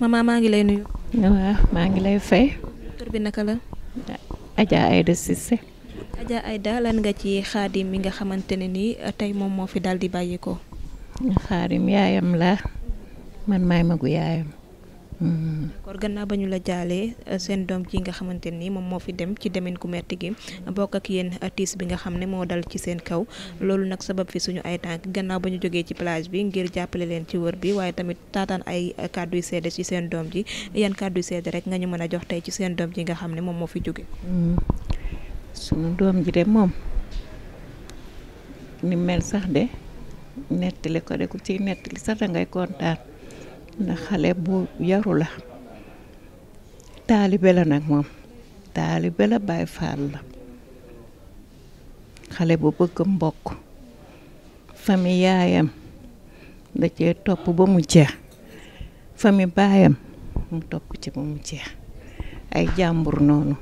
maman maa ngi lay nuyu. waaw maa ngi lay fay. tur bi naka la. Adja Aïda Cissé. Adja Aïda lan nga ci xaadim mi nga xamante ne nii euh, tey moom moo fi daal di bàyyi ko. xaadim yaayam la man maay magu yaayam. d'accord gannaaw ba ñu la jaalee euh, seen doom ji nga xamante nii moom moo fi dem ci demin ku metti gi bokk ak yenn euh, tiis bi nga xam ne moo dal ci seen kaw loolu nag sabab fi suñu ay tànk gannaaw ba ñu jógee ci plage bi ngir jàppale leen ci wër bi waaye tamit taataan ay euh, kàddu yu ci seen doom ji yan kàddu yu rek nga ñu mën a jox tey ci seen doom ji nga xam ne moom moo fi jóge mm. suñu doom ji de moom ni mel sax de nettali ko de ku ciy nettali sax dangay kontaan ndax xale bu yaru la taalibe la nag moom taalibe la Baay Faal la xale bu bëgg mbokk famille yaayam da cee topp ba mu jeex famille baayam mu topp ci ba mu jeex ay jàmbur noonu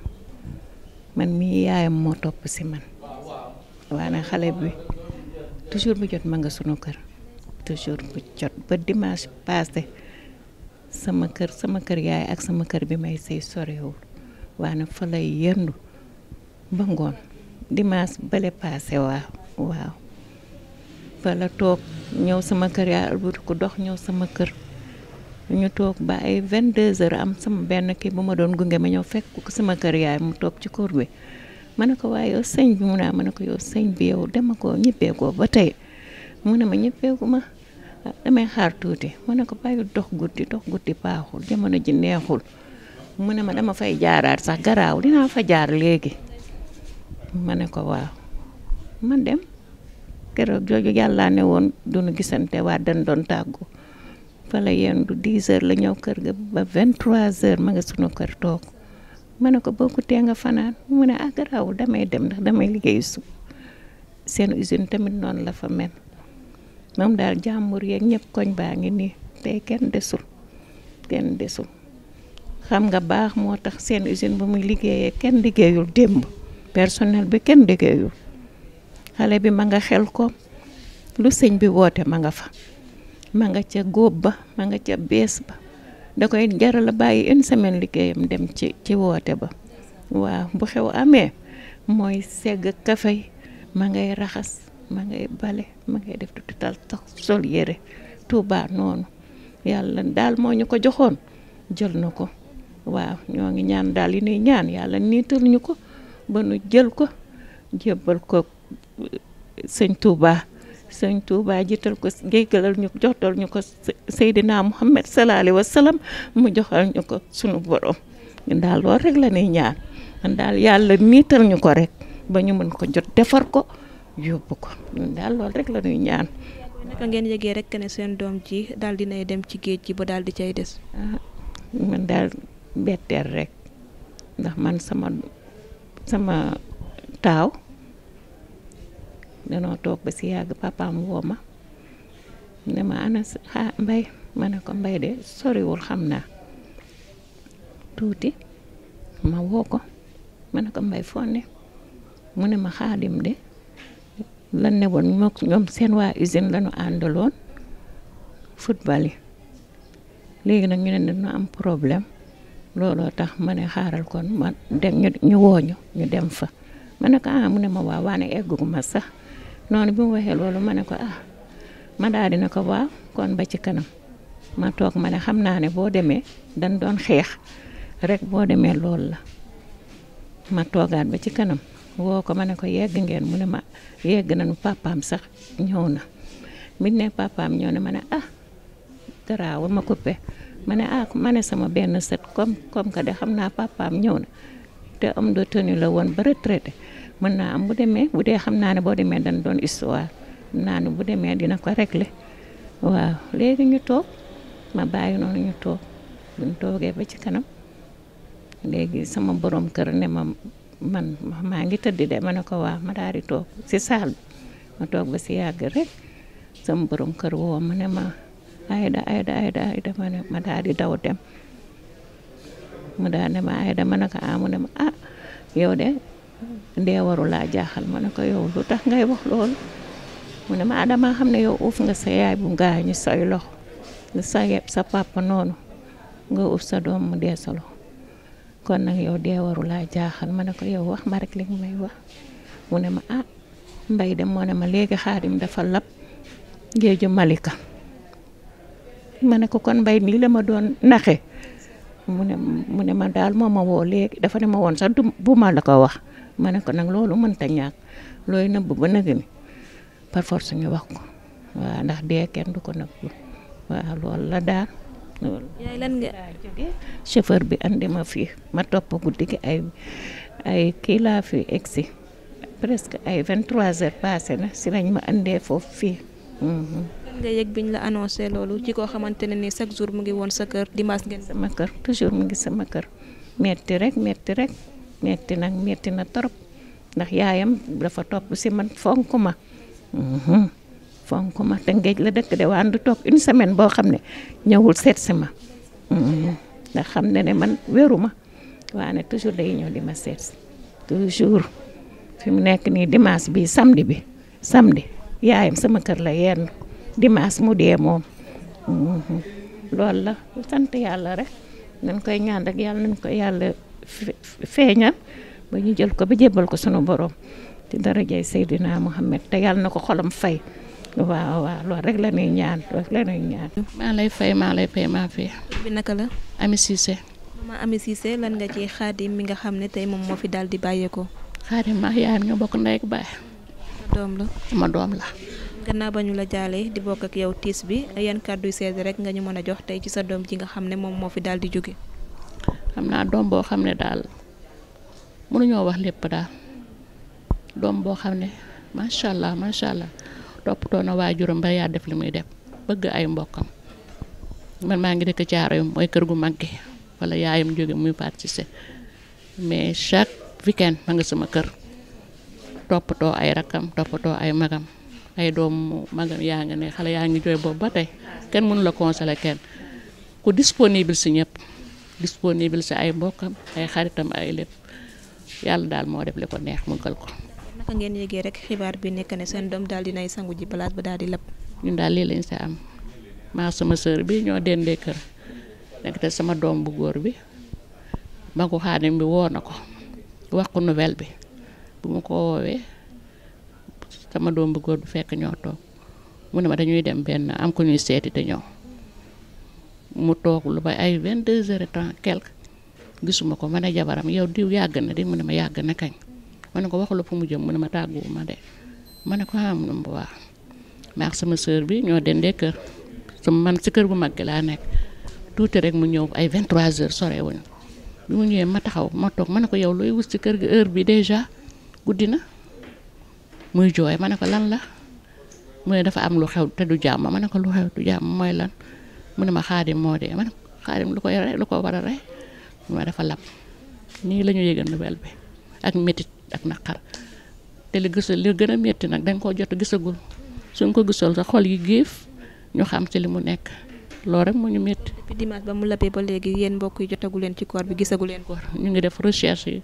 man mii yaayam moo topp ci man waaye nag xale bi toujours bu jot ma nga sunu kër toujours bu jot ba dimanche passé sama kër sama kër yaay ak sama kër bi may sëy sorewul waane fa lay yendu ba ngoon dimaas bale paase waaw waaw fa la toog ñëw sama kër yaay albutiku dox ñëw sama kër ñu toog ba ay vingt deux heures am sama benn kii bu ma doon gunge ma ñëw fekk ko sama kër yaay mu toog ci kur bi ma ne ko waaye yow sëñ bi mu naa ma ne ko yow sëñ bi yow dama ko ñibbeekoo ba tey mu ne ma ñibbeeku ma damay xaar tuuti mu ne ko bàyyi dox guddi dox guddi paaxul jamono ji neexul mu ne ma dama fay jaaraat sax garaaw dinaa fa jaar léegi ma ne ko waaw ma dem keroog jooju yàllaa ne woon duñu gisante waa dañ doon tàggu fa la yendu 10 heures la ñëw kër ga ba 23 heures ma nga sunu kër toog ma ne ko boo ko tee nga fanaan mu ne ah garaawul damay dem ndax damay liggéey su seen usine tamit noonu la fa mel. moom daal jàmbur yeeg ñëpp koñ baa ngi nii tey kenn desul kenn desul xam nga baax moo tax seen usine ba muy liggéeyee kenn liggéeyul démb personnel bi kenn liggéeyul xale bi ma nga xel ko lu sëñ bi woote ma nga fa ma nga ca góob ba ma nga ca bees ba da koy jaral a bàyyi une semaine liggéeyam dem ci ci woote ba waaw bu xew amee mooy segg kafay ma ngay raxas ma ngay bale ma ngay def tuuti tal sol yére Touba noonu yàlla daal moo ñu ko joxoon jël na ko waaw ñoo ngi ñaan daal yi nuy ñaan yàlla niital ñu ko ba nu jël ko jébbal ko eh, sëñ tuuba sëñ Touba jiital ko jéggalal ñu joxtal ñu ko Seydina Muhammad sallallahu alayhi wa sallam mu joxal ñu ko sunu borom daal loolu rek la nuy ñaan daal yàlla niital ñu ko rek ba ñu mën ko jot defar ko yóbbu ko ñun daal loolu rek la ñuy ñaan. naka ngeen yëgee rek ne seen doom ji daal dinay dem ci géej gi ba daal di cay des. Ah, man daal betteel rek ndax man sama sama taaw danoo toog ba ci yàgg papaam woo ma ne ma ana ah mbay ma ne ko mbay de soriwul xam naa tuuti ma woo ko mën ne ko mbay foo ne mu ne ma xaadim de lan ne woon mook ñoom seen waa usine la àndaloon football yi léegi nag ñu ne dañu am problème looloo tax ma ne xaaral kon ma dem ñu wooñu ñu dem fa ma ne ko ah mu ne ma waaw waane eggu ma sax noonu bi mu waxee loolu ma ne ko ah ma daal di na ko waaw kon ba ci kanam ma toog ma ne xam naa ne boo demee dañ doon xeex rek boo demee loolu la ma toogaat ba ci kanam woo ko ma ne ko yegg ngeen mu ne ma yegg nañu papaam sax ñëw na mi ne papaam ñëw na ma ne ah garaawa ma coupé ma ne ah ma ne sama benn set comme comme que de xam naa papaam ñëw na te am de tenue la woon ba retraité mën naa am bu demee bu dee xam naa ne boo demee dañ doon histoire naa ne bu demee dina ko régler waaw léegi ñu toog ma bàyyi noonu ñu toog buñ toogee ba ci kanam léegi sama borom kër ne ma man maa ngi tëdd de ma ne ko waa ma daadi toog si saal ma toog ba si yàgg rek sama borom kër woo ma ne ma ayda ayda ayda ma ne ma daal di daw dem mu daal ne ma ayda ma ne ko ah mu ne ma ah yow de ndee waru laa jaaxal ma ne ko yow lu tax ngay wax loolu mu ne ma ah damaa xam ne yow uuf nga sa yaay bu ngaa gaañu say lox sa sa papa noonu nga uuf sa doom mu dee sa kon nag yow dee waru laa jaaxal ma ne ko yow wax ma rek li nga may wax mu ne ma ah mbay dem moo ne ma léegi xaadim dafa lab géeju Malika ma ne ko kon mbay nii la ma doon naxe mu ne mu ne ma daal moo ma woo léegi dafa ne ma woon sax du bu ma la ko wax ma ne ko nag loolu mënta ñàkk looy nëbb ba nëgg ni par force ñu wax ko waaw ndax dee kenn du ko nëbb waaw loolu la daal. yaay lan nga bi andi ma fii ma topp guddi gi ay ay kii laa fi si presque ay 23 heures passé na si lañ ma andee foofu fii. Mhm. lan nga yëg biñ la annoncé loolu ci koo xamante ne ni chaque jour mu ngi woon sa kër dimanche ngeen sama kër toujours mu ngi sama kër metti rek metti rek metti nag metti na trop ndax yaayam dafa topp si man fonk ma. Mhm. fonk ma te ngeej la dëkk de waan du toog une semaine boo xam ne ñëwul seet si ma mm-hmm. ndax xam ne ne man wéru ma waane toujours day ñëw di ma seet toujours fi mu nekk nii dimanche bi samedi bi samdi yaayam sama kër la yenn dimanche mu dee moom mm-hmm. loolu la sant yàlla rek nañ koy ñaan yàlla nañ ko yàlla feeñal ba ñu jël ko ba jébbal ko sunu borom ci darajay Seydina Muhammad te yàlla na ko xolam fay waaw waaw loolu rek la ñuy ñaan loolu la ñuy ñaan. maa lay fay maa lay fay maa fi. bi la. Ami Cissé. maman Ami Cissé lan nga ci xaadim mi nga xam ne tey moom moo fi daal di bàyyeekoo. xaadim maa yaayam ñoo bokk ndey ak baay. doom la sama doom la. gannaaw ba ñu la jaalee di bokk ak yow tiis bi yan kàddu seede rek nga ñu mën a jox tey ci sa doom ji nga xam ne moom moo fi daal di jóge. xam naa doom boo xam ne daal mënuñoo wax lépp daal doom boo xam ne macha allah macha allah. toppatoo na waajuram ba yaa def li muy def bëgg ay mbokkam man maa ngi dëkk Caaroy mooy kër gu mag gi wala yaayam jóge muy participer mais chaque weekend ma nga sama kër toppatoo ay rakam toppatoo ay magam ay doomu magam yaa ngi ne xale yaa ngi jooy boobu ba tey kenn mënu la consoler kenn ku disponible si ñëpp disponible si ay mbokkam ay xaritam ay lépp yàlla daal moo def li ko neex mu gël ko naka ngeen yëgee rek xibaar bi nekk ne seen doom daal dinay nay sangu ji place ba daal di lëpp. ñun daal lii lañ sa am maa sama sœur bi ñoo dendee kër nekk te sama doom bu góor bi magu xaadim bi woo na ko wax ko nouvelle bi bu ma ko woowee sama doom bu góor bu fekk ñoo toog mu ne ma dañuy dem benn am ko ñuy seeti te ñëw mu toog lu ba ay vingt deux heures et trente quelque gisuma ko ma ne jabaram yow diw yàgg na di mu ne ma yàgg na kañ. ma ne ko waxula fu mu jëm mu ne ma tàgguwu ma de ma ne ko ah mu ne ma waaw ak sama sœur bi ñoo dendee kër sama man si kër gu mag gi laa nekk tuuti rek mu ñëw ay 23 heures sore wuñ bi mu ñëwee ma taxaw ma toog ma ko yow looy wut si kër gi heure bi déjà guddi na muy jooy ma ne ko lan la mu ne dafa am lu xew te du jàmm ma ne ko lu xew du jàmm mooy lan mu ne ma xaadim moo de ma ne xaadim lu ko rey lu ko war a rey ma dafa lab nii la ñu yëgal nouvelle bi ak naqar te li gis li gën métti nag dañ koo jot gisagul suñ ko gisul sa xol yi géef ñu xam ci li mu nekk loolu rek mu ñu métti. depuis dimanche ba mu labee ba léegi yéen mbokk yi jotagu leen ci koor bi gisagu leen ko. ñu ngi def recherche yi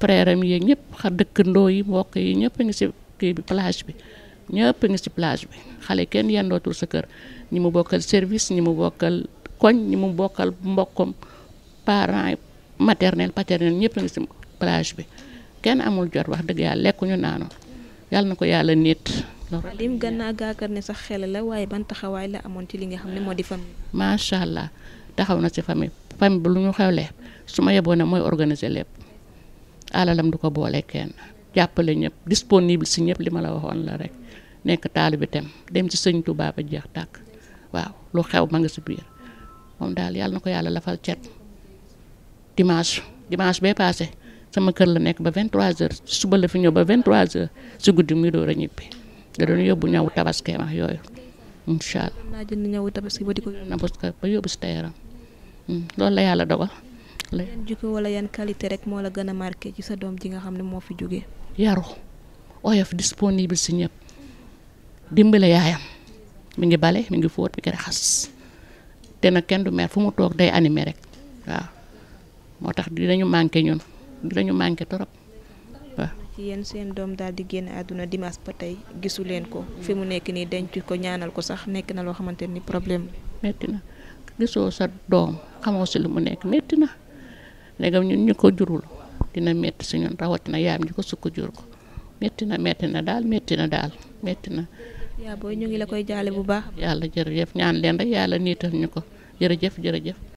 frère am yi ñëpp xa dëkkandoo yi mbokk yi ñëpp a ngi si kii plage bi ñëpp a ngi si plage bi xale kenn yendootul sa kër ñi mu bokkal service ñi mu bokkal koñ ñi mu bokkal mbokkom parents maternel paternel ñëpp a ngi si plage bi. kenn amul jot wax dëgg yàlla lekkuñu naanu yàlla na ko yàlla nit lim gën naa gaakar ne sax xel la waaye ban taxawaay la amoon ci li nga xam ne moo di famille. macha allah taxaw na ci famille famille bu lu ñu xewlee su ma yeboo mooy organiser lépp alalam du ko boole kenn jàppale ñëpp disponible si ñëpp li ma la waxoon la rek nekk taalu bi tem dem ci sëñ Tuubaa ba jeex tàkk waaw lu xew ma nga si biir moom daal yàlla na ko yàlla lafal cet dimanche dimanche bee paase. sama kër la nekk ba 23h suba la fi ñëw ba 23h si guddi muy door a ñibbi da doon yóbbu ñaw tabaskeem ak yooyu incha allah. naa jënd ñawu tabaski ba di ko yóbbu si tayaram hmm, loolu la yàlla dogal. yan jikko wala yan qualité rek moo la gën a marqué ci sa doom ji nga xam ne moo fi jógee. yaru oyof disponible si ñëpp dimbale yaayam mu ngi bale mi ngi fóot mi ngi raxas te nag kenn du mer fu mu toog day animé rek waaw moo tax dinañu manqué ñun. dañu manqué trop waaw. ci yéen seen doom daal di génn àdduna dimaas ba tey gisu leen ko fi mu nekk nii denc ko ñaanal ko sax nekk na loo xamante ni problème metti na gisoo sa doom xamoo si lu mu nekk metti na léegi ñun ñu ko jurul dina metti si ñun rawatina yaam ji ko sukk jur ko metti na metti na daal metti na daal metti na. yaa booy ñu ngi la koy jaale bu baax. yàlla jërëjëf ñaan leen rek yàlla niital ñu ko jërëjëf jërëjëf.